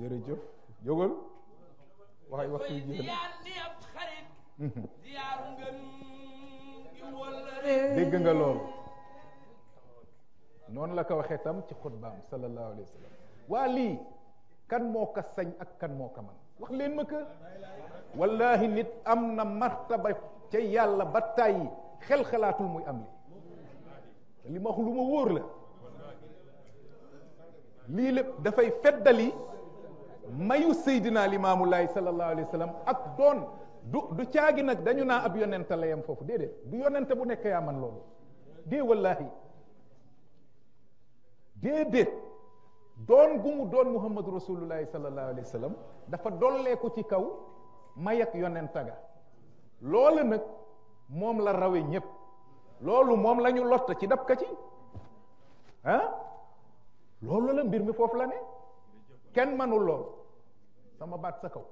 jërëjëf jógal waaye waxtu bi jeex na dégg nga loolu noonu la ko waxee tam ci xutbaam sallallahu alayhi wa sallam waa lii kan moo ko sañ ak kan moo ko man wax leen ma ko wallahi nit am na martaba ca yàlla ba tàyyi xel xalaatul muy am li li ma wax lu ma wóor la lii lépp dafay feddali mayu seydina limaamu laay sallallahu alayhi ak doon du du caagi nag dañu naa ab yonente la yem foofu déedéet du yonente bu nekk yaa man loolu dée wallaahi déedéet doon gu doon muhammadu rasulullahi sallallahu alayhi dafa dolleeku ci kaw may ak yonenta loolu nag moom la rawe ñépp loolu moom lañu ñu ci dab ka ci ah lool la mbir mi foofu la ne kenn manul lool sama baat sa kaw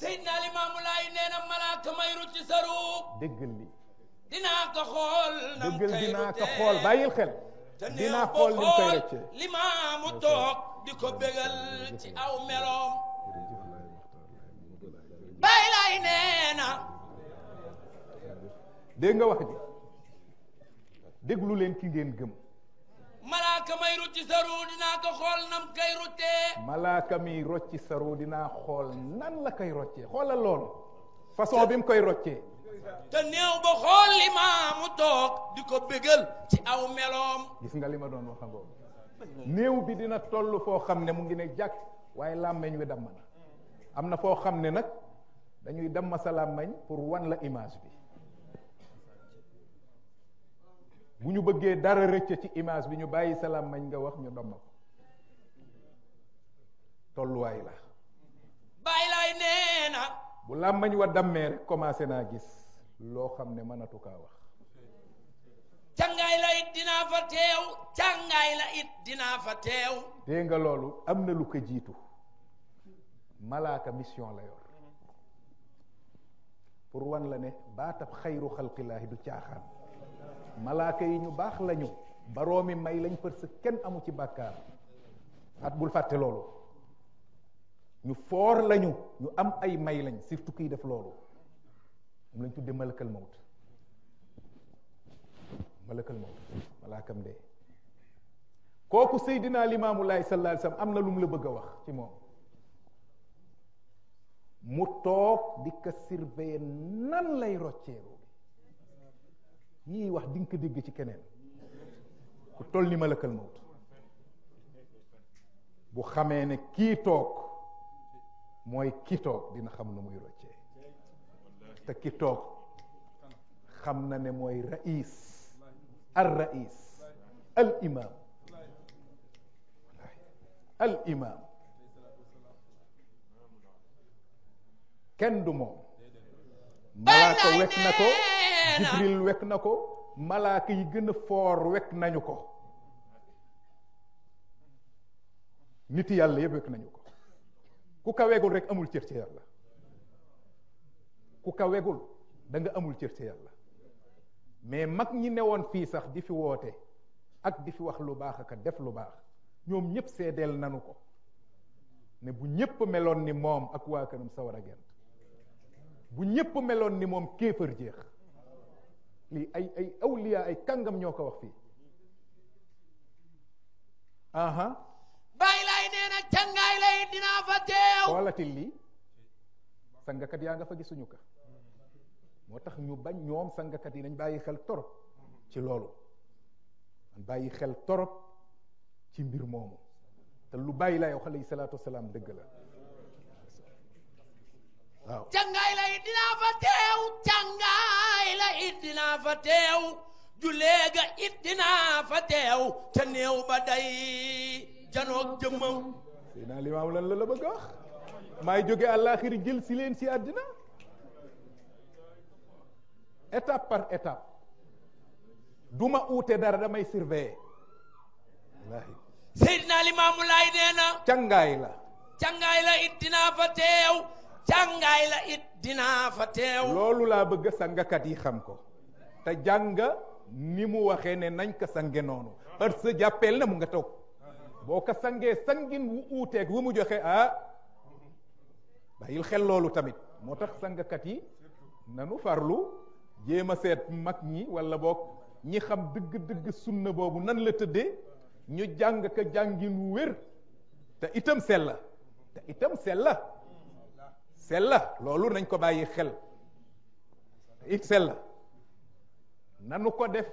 Seydina Limaamu Laay nee na malaaka may rucc sa ruub déggal dinaa ko xool nam déggal dinaa ci aw meloom bàyyi laay nee na nga wax ji déglu leen ki ngeen gëm rutti saru dinaa ko xool nam kay rottee malaaka mi rocci saru dinaa xool nan la koy roccee xoolal loolu façon bi mu koy roccee te néew ba xool li maamu toog di ko bégal ci aw meloom gis nga li ma doon wax ngoom néew bi dina toll foo xam ne mu ngi ne jàkk waaye làmbañ wi damm na am na foo xam ne nag dañuy damm sa làmmeñ pour wan la image bi buñu ñu bëggee dara rëcc ci image bi ñu bàyyi salaam mañ nga wax ñu domm ko tolluwaay la bàyyi laay nee na bu làmmañ wa dammee rek commencé naa gis loo xam ne mënatu kaa wax càngaay la it dinaa fa teew càngaay la it dinaa fa teew dégg nga loolu am na lu ko jiitu malaaka mission la yor pour wan la ne baatab xayru xalqillaahi du caaxaan malaaka yi ñu baax lañu baroomi may lañ parce kenn amu ci bàkkaar at bul fàtte loolu ñu foor lañu ñu am ay may lañ surtout kii def loolu moom lañ tudde malakal mawt malakal mawt malaakam dee kooku seydinaa limaamu laay sallallahu alayhi am na lu la bëgg a wax ci moom mu toog di ko surveiller nan lay rocceeru ñii wax di nga ko dégg ci keneen ku toll ni malakal mawt bu xamee ne kii toog mooy ki toog dina xam nu muy roccee te ki toog xam na ne mooy rais al rais al imam al imam kenn du moom malaaka wet na ko jibril wekk na ko malaaka yi gën a foor wekk nañu ko nit yàlla yëpp wekk nañu ko ku ka wegul rek amul cër ci yàlla ku ka wegul da amul cër ci yàlla mais mag ñi ne woon fii sax di fi woote ak di fi wax lu baax ak def lu baax ñoom ñëpp seedeel nanu ko ne bu ñëpp meloon ni moom ak waa këram sawar a gent bu ñëpp meloon ni moom kéefër jeex lii ay ay awliya ay kàngam ñoo ko wax fii aha bàyyi laay nee na lay dinaa fa teew xoolatil lii sangakat yaa nga fa gisuñu ka moo tax ñu bañ ñoom sangakat yi nañ bàyyi xel torop ci loolu man bàyyi xel torop ci mbir moomu te lu bàyyi laay wax alayhi salaatu wasalaam dëgg la waaw càngaay la it dinaa fa teew càngaay la it dinaa fa teew julee ga it dinaa fa teew te néew ba day janoog jëmmam sëy naa limaam lan la la bëgg jóge àllaaxiri jël si àddina étape par étape duma uute dara damay surveiller wallaahi Seydina Limaamu Laay nee na cangaay la it dinaa fa teew jàngaay la it dinaa fa teew loolu laa bëgg sangakat yi xam ko te jàng ni mu waxee ne nañ ko sange noonu parce que jàppeel na mu nga toog boo ko sangee sangin wu uuteeg wu mu joxe ah bàyyil xel loolu tamit moo tax sangakat yi nanu farlu jéem a seet mag ñi walla boog ñi xam dëgg-dëgg sunna boobu nan la tëddee ñu jàng ka jàngin wu wér te itam sella te itam sella sell loolu nañ ko bàyyi xel it sell nanu ko def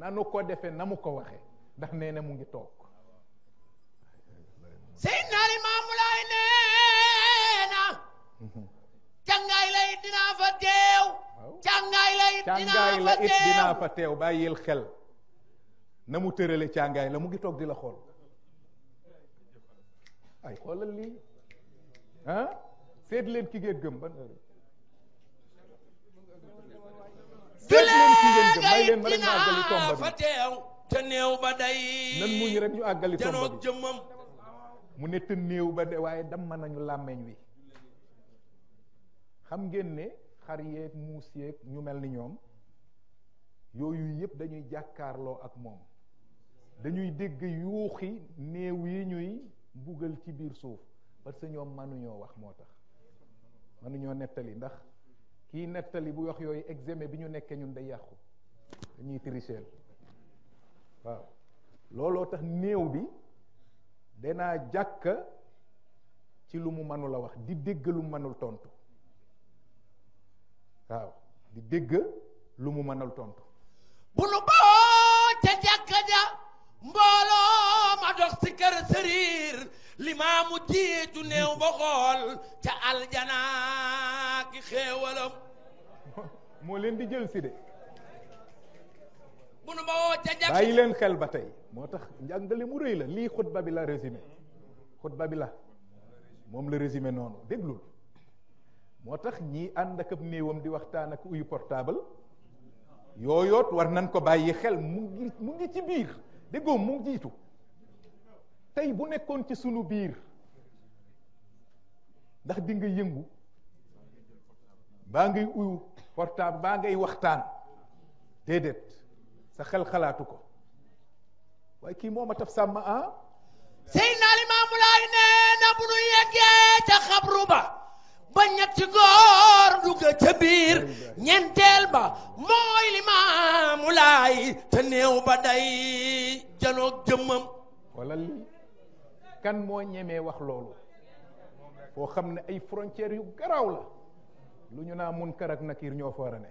nanu ko defe na mu ko waxe ndax nee na mu ngi toog Seydina Limaamu Laay nee na mhm. càngaay la it dinaa fa teew càngaay la dinaa fa teew bàyyil xel na mu tërale càngaay la mu ngi toog di la xool ay xoolal lii ah seet leen ki ngeen gëm ban heure seet leen ki ngeen gëm may leen ma rek ma àggali tomba bi te néew ba day nan muñ rek ñu àggali tomba bi mu ne te néew ba de waaye damm nañu làmmeñ wi xam ngeen ne xar yeeg muus yeeg ñu mel ni ñoom yooyu yëpp dañuy jàkkaarloo ak moom dañuy dégg yuuxi néew yi ñuy mbugal ci biir suuf parce que ñoom mënuñoo wax moo tax mënuñoo nettali ndax kiy nettali bu wax yooyu examen bi ñu nekkee ñun day yàqu dañuy tricher waaw looloo tax néew bi danaa jàkka ci lu mu mënul a wax di dégg lu mu mënul tontu waaw di dégg lu mu mënul tontu bu nu boo ca jàkka ja mbooloo ma dox si kër sëriir limaamu jiitu néew ba xool ca aljanaa ki xéewalam moo leen di jël si de bu nu ba woo ca jafe bàyyi leen xel ba tey moo tax njàngale mu rëy la lii xutba bi la résumé xutba bi la moom la résumé noonu déglul moo tax ñii ànd ak ab néewam di waxtaan ak uyu portable yooyoot war nañ ko bàyyi xel mu ngi mu ngi ci biir déggoo mu ngi jiitu tey bu nekkoon ci sunu biir ndax di nga yëngu baa ngay uyu portable baa ngay waxtaan déedéet sa xel xalaatu ko waaye kii mooma taf sàmm ah Seydina Limaamu Laay nee na bu nu yeggee ca xabru ba ba ñetti góor dugg ca biir ñeenteel ba mooy Limaamu Laay te néew ba day janoog jëmmam kan moo ñemee wax loolu foo xam ne ay frontières yu garaaw la lu ñu naa munkar ak nakiir ñoo fa war a ne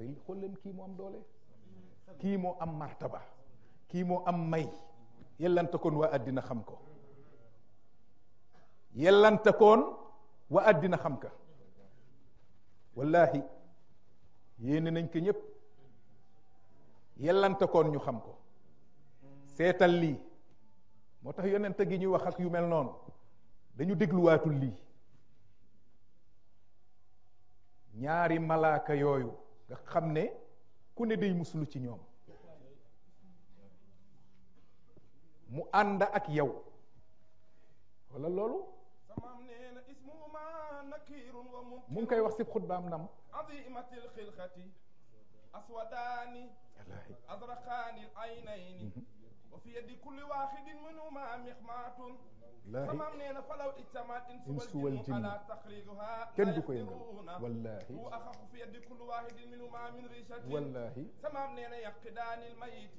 waaw xool leen kii moo am doole kii moo am martaba kii moo am may yellanta koon waa àddina xam ko yellanta koon waa àddina xam ka wallahi yéene nañ ko ñëpp yellanta koon ñu xam ko seetal lii moo tax yonent gi ñuy wax ak yu mel noonu dañu dégluwaatul lii ñaari malaaka yooyu nga xam ne ku ne day muslu ci ñoom mu ànd ak yow wala loolu mu ngi koy wax si xutbaam nam azimatil xilxati aswadaani azraqaani aynayni mhm. وفي يد كل واحد منهما مخمات سمام نينا فلو اجتمعت انس والجن على تخريجها لا يقدرون والله هو اخف في يد كل واحد منهما من ريشة والله سمام نينا يقدان الميت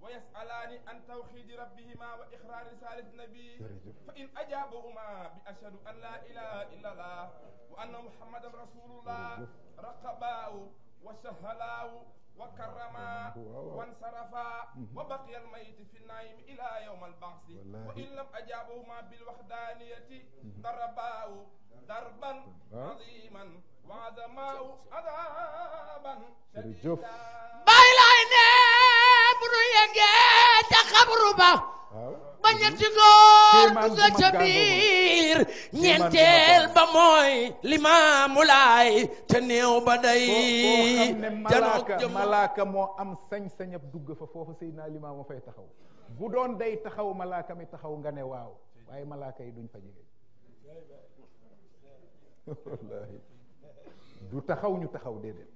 ويسألان عن توحيد ربهما وإخراج رسالة النبي فإن أجابهما بأشهد أن لا إله إلا الله وأن محمدا رسول الله رقباه وسهلاه وكرما وانصرفا وبقي الميت في النعيم إلى يوم البعث وإن لم أجابهما بالوحدانية ضرباه ضربا عظيما وعظماه عذابا شديدا باي لاي نيب نو ينجي تخبروا ba ñetti góor dugg ca biir ñeenteel ba mooy limaamu te néew ba day janoog jëm malaaka moo am sañ-sañab dugg fa foofu Seydina Limaamu fay taxaw bu doon day taxaw malaaka mi taxaw nga ne waaw waaye malaaka yi duñ fa jege du taxaw ñu taxaw déedéet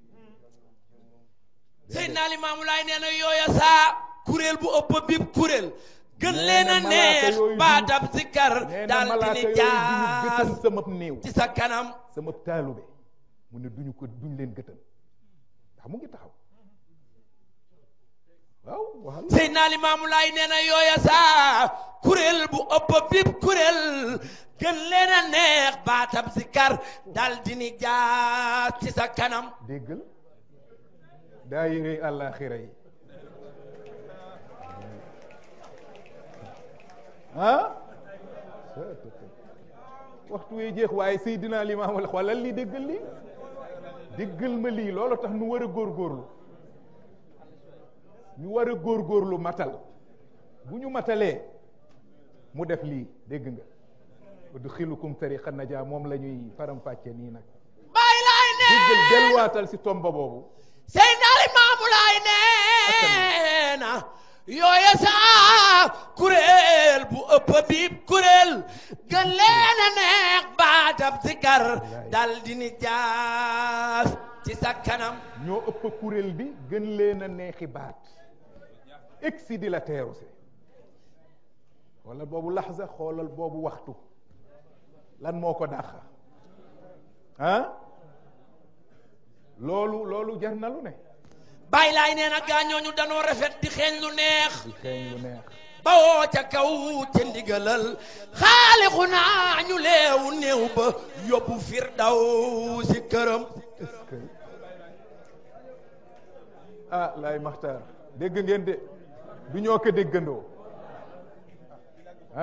Seydina Limaamu laay nee yooya saa kuréel bu ëpp bib kuréel gën leen a zikar dal sikkar daal di ni jaar sama néew ci sa kanam sama taalube mu ne duñu ko duñ leen gëtal mu ngi taxaw waaw bu ëpp bib kuréel gën leen a neex baatab sikkar di ni jaar ci sa kanam ah waxtu wee jeex waaye Seydina Limaamu xoolal li déggal lii déggal ma lii loolu tax nu war a góorgóorlu ñu war a góor góorgóorlu matal bu ñu matalee mu def lii dégg nga udxilukum tariqa najaa moom la ñuy faram-fàcce nii nag bàyyi laay ne déggal delluwaatal si tomba boobu Seydina Limaamu laay nee na يسعى كريل ببيب كريل قال لنا نيق بعد بذكر دال دي نجاس ci sa kanam ñoo ëpp kuréel bi gën leen a neexi baat egsi di la teeru si wala boobu laxsa xoolal boobu waxtu lan moo ko dàq ah loolu loolu jar na lu ne Baay Laay nee na gaañooñu danoo rafet di xeeñ lu neex di xeeñ ca kaw ca ndigalal xaalixu naa ñu leewu néew ba yóbbu firdaw si këram ah lay maxtaar dégg de du ñoo ko déggandoo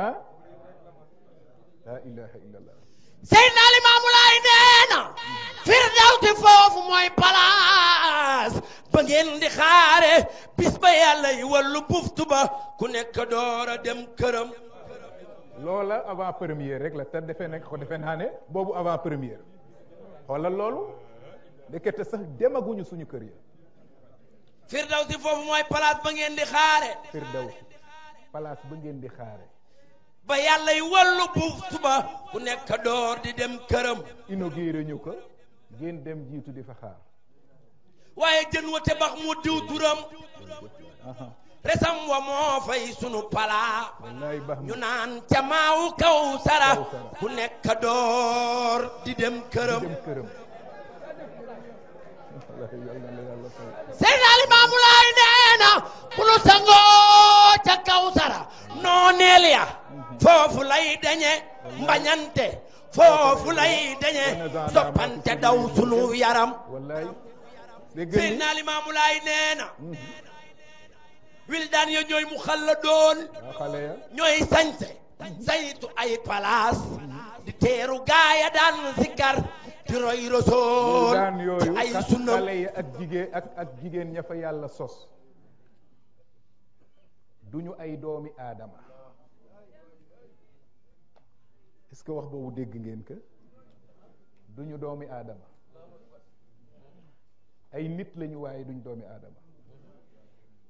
ah la ilaha illallah Seydina Limaamu Laay nee na firdaw te foofu mooy palaas ba ngeen di xaare bis ba yàlla yi wàllu buftu ba ku nekk door a dem këram loola avant première rek la te defe nekk ko defe naa boobu avant première xoolal loolu ndekete sax demaguñu suñu kër yi firdawsi foofu mooy place ba ngeen di xaare firdawsi place ba ngeen di xaare ba yàlla yi wàllu buftu ba ku nekk door di dem këram inauguré ñu ko ngeen dem jiitu di fa xaar waaye jën wa bax mu diw turam resam wa moo fay sunu palaa ñu naan ca maawu kaw sara ku nekk door di dem këram Seydina Limaamu Laay nee na nu sangoo ca kaw sara nooneel ya foofu lay dañe mbañante foofu lay dañe soppante daw sunu yaram Seydina Limaamu Laay nee na wildaan ya ñooy mu xalladoon ñooy sañse saytu ay palaas di teeru gaaya daan sikkar di roy rosool ci ay sunna xale yi ak jigéen ak jigéen ña fa yàlla sos duñu ay doomi aadama est-ce que wax boobu dégg ngeen que duñu doomi aadama ay nit lañu waaye duñ doomi aadama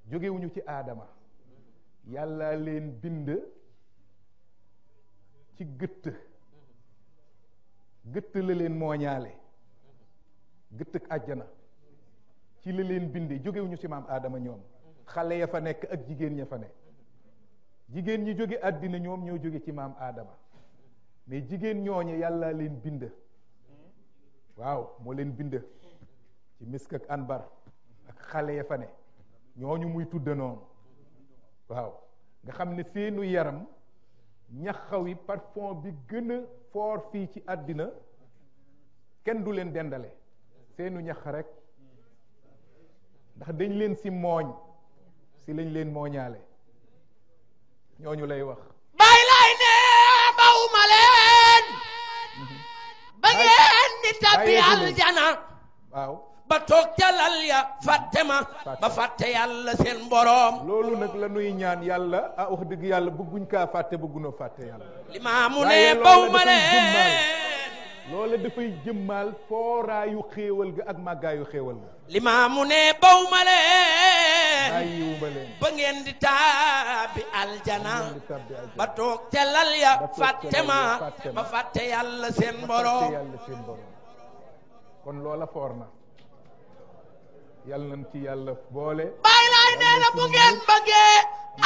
jógewuñu ci aadama yàlla leen bind ci gëtt gëtt la leen mooñaale gëtt ak àjjana ci la leen binde jógewuñu ci maam aadama ñoom xale ya fa nekk ak jigéen ña fa ne jigéen ñi jóge àddina ñoom ñoo jóge ci maam aadama mais jigéen ñooñe yàlla leen bind waaw moo leen bind ci misk ak anbar ak xale ya fa ne ñooñu muy tudd noonu waaw nga xam ne seenu yaram ñaxaw yi bi gën a foor fii ci àddina kenn du leen dendale seenu ñax rek ndax dañ leen si mooñ si lañ leen mooñaale ñooñu lay wax bàyyi laay ne bawuma leen mhm. ba ngeen di tabbi aljana ba toog ca lal ya fàtte ma ba fàtte yàlla seen borom loolu nag la nuy ñaan yàlla ah wax dëgg yàlla bëgguñ kaa fàtte bëggunoo fàtte yàlla limaamu ne baw ma leen loola dafay jëmmaal fooraayu xéewal ga ak màggaayu xéewal ga limaamu ne baw ma leen ba ngeen di tàbbi aljana ba toog ca lal ya fàtte ma ba fàtte yàlla seen boroom kon loola foor na yal nañ ci yàlla boole bàyyi laay nee na bu ngeen bëggee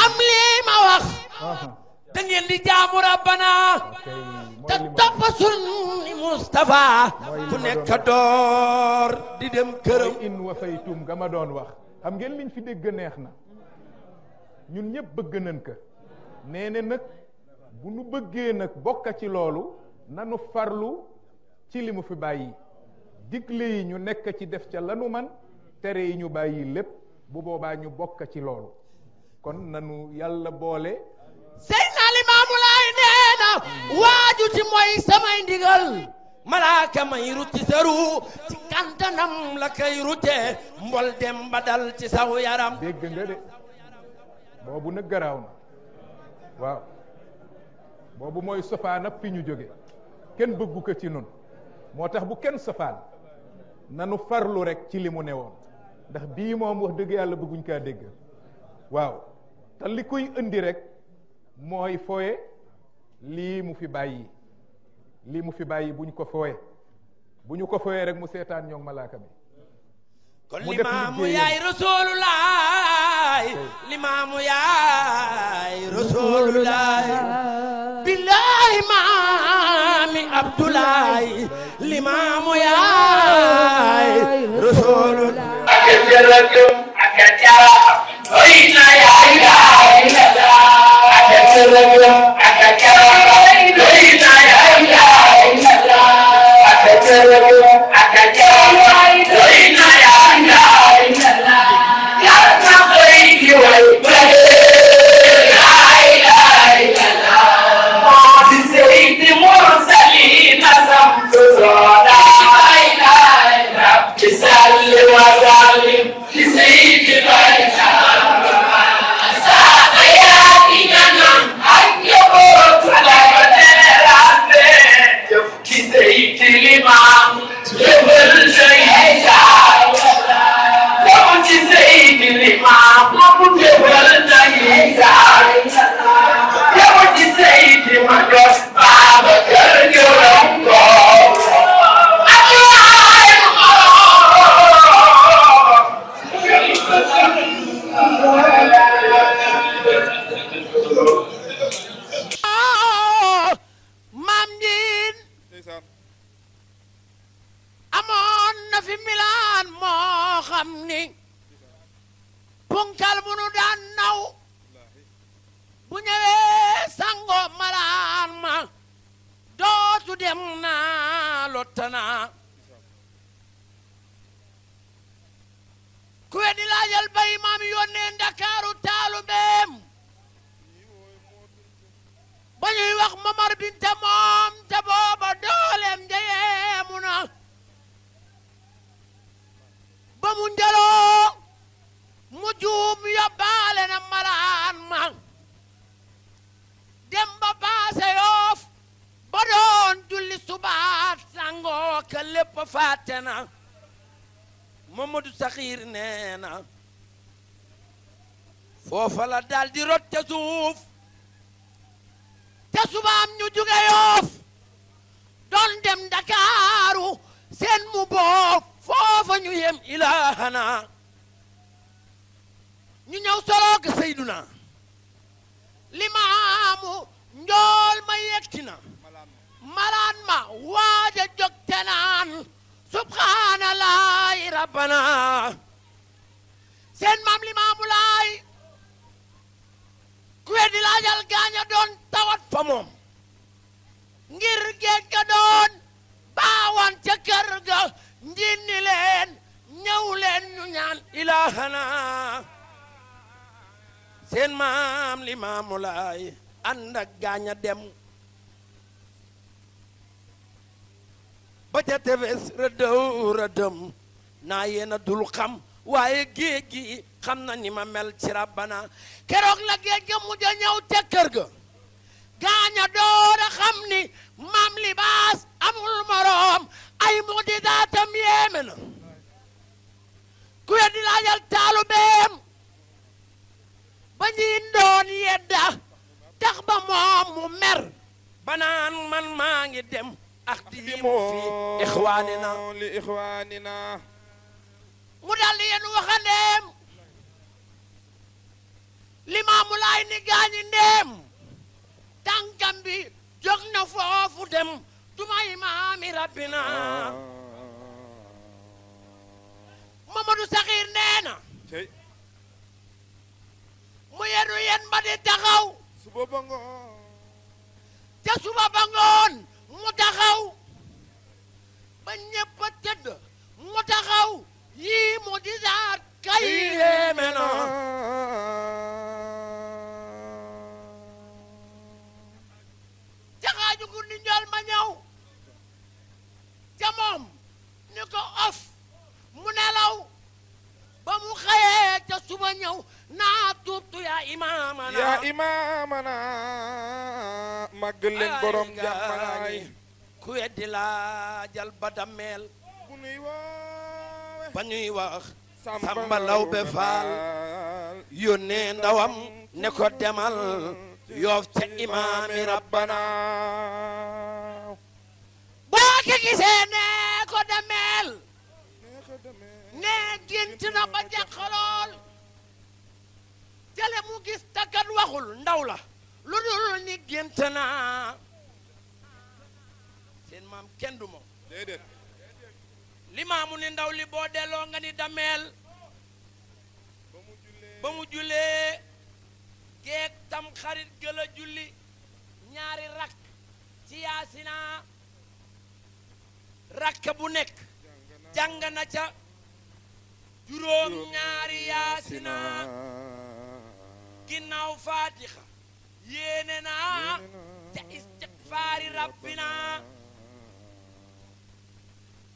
am lii ma wax ah. da ngeen di jaamu rabbana te topp sunni Mustafa ku nekk door di dem këram in wasaytum ga ma doon wax xam ngeen liñ fi dégg neex na ñun ñëpp bëgg nañ ko nee na nag bu nu bëggee nag bokka ci loolu nanu farlu ci li mu fi bàyyi digle yi ñu nekk ci def ca lanu man tere yi ñu bàyyi lépp bu boobaa ñu bokk ci loolu kon nanu yàlla boole Seydina Limaamu Laay nee waaju ci mooy samay ndigal malaaka may rutti ci kantanam la kay rutte mbol dem ba dal ci saw yaram dégg nga de boobu nag garaaw na waaw boobu mooy sofaan ñu jóge kenn bëggu ci nun moo tax bu kenn sofaan nanu farlu rek ci limu ne newoon ndax bii moom wax dëgg yàlla bëgguñ kaa dégg waaw te li kuy indi rek mooy fooye lii mu fi bàyyi lii mu fi bàyyi buñ ko fooye bu ñu ko fooye rek mu seetaan ñoom malaaka bi kon limaamu yaay rasulullaay limaamu yaay rasulullaay billahi maami abdulaay limaamu yaay rasulullaay kerjakan ada cara Baiklah ya, ada kerjakan ada cara ngi wax Momar Binta moom te booba dooleem jeyeemu na ba mu njaloo mu juum yóbbaale na malaan ma dem ba paase yoof ba doon julli subaat sangoo ka lépp fàtte na Mamadou Saxiir nee na foofa la daldi rotte suuf te suba am ñu jóge yoof doon dem ndakaaru seen mu boog foofa ñu yem ilahana ñu ñëw soloog seyduna limaamu njool ma yegti malaan ma waaja jog subhaanallahi rabbana seen maam limaamu ku weddi laajal gaaña doon tawat fa moom ngir géej ga doon baawan ca kër ga njinni leen ñëw leen ñu ñaan ilaahana seen maam li maamulaay ànd ak gaaña dem ba ca tefes rëddëw rëddëm naa yéena dul xam waaye géej xam na ni ma mel rabbana keroog la géej ga mujj a ga gaaña door a xam ni maam libaas amul moroom ay mujjizaatam yéeme na ku weddi laajal taalu beem ba ñuy doon yedda tax ba moom mu mer banaan man maa ngi dem axtimu fi ixwaanina li ixwaanina mu dal yéen waxandeem limaamu laay ni gaañi ndeem tànkam bi jóg na foofu dem duma imaami rabbina Mamadou Saxiir nee na mu yenu yen ba di taxaw suba suba ba mu taxaw ba ñépp tëdd mu taxaw yii mu disaat kay yéeme na njool ma ko of mu nelaw ba mu xëyee suba ñëw naa tuubtu yaa imaamana yaa imaamana ku weddi laa ba dammeel bu nuy wax ba ñuy wax samba lawbe faal ndawam ne ko demal yoof ca imaami rabbana nga nee ko demeel nee gént na ba jàqalool mu gis takkat waxul ndaw la lu dul ni gént naa seen maam kenn du moom li maamu ni ndaw li boo delloo nga ni dameel ba mu jullee geeg tam xarit gëla julli ñaari rak ci yaasina rakk bu nekk jàng na ca juróom ñaari yaasina ginnaaw faatixa yéene ca istigfaari rabbina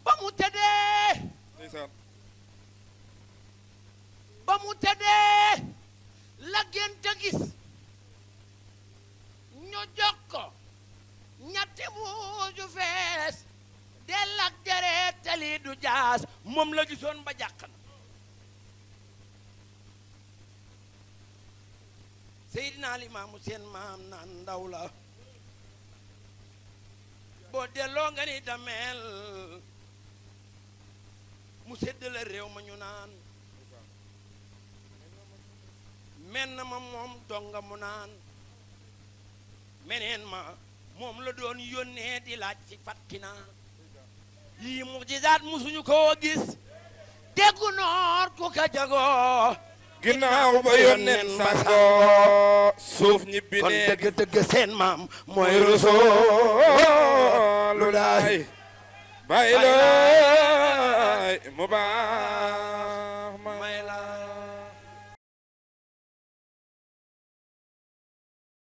ba tëddee ba tëddee la gént a ñu jox ko ñetti fees dell ak jëree jaas moom la gisoon ba jàq na Seydina Limaamu seen maam naan ndaw la boo delloo nga ni dameel mu sedd la réew ma ñu naan menn ma moom donga mu naan meneen ma moom la doon yónnee di laaj ci fàkki naa yii mujizaat musuñu koo gis déggu noor ku ka jagoo ginnaaw ba yónneen sango suuf ñibbi nee kon dëgg dëgg seen maam mooy Rasuulu Laahi bàyyi looy mu baax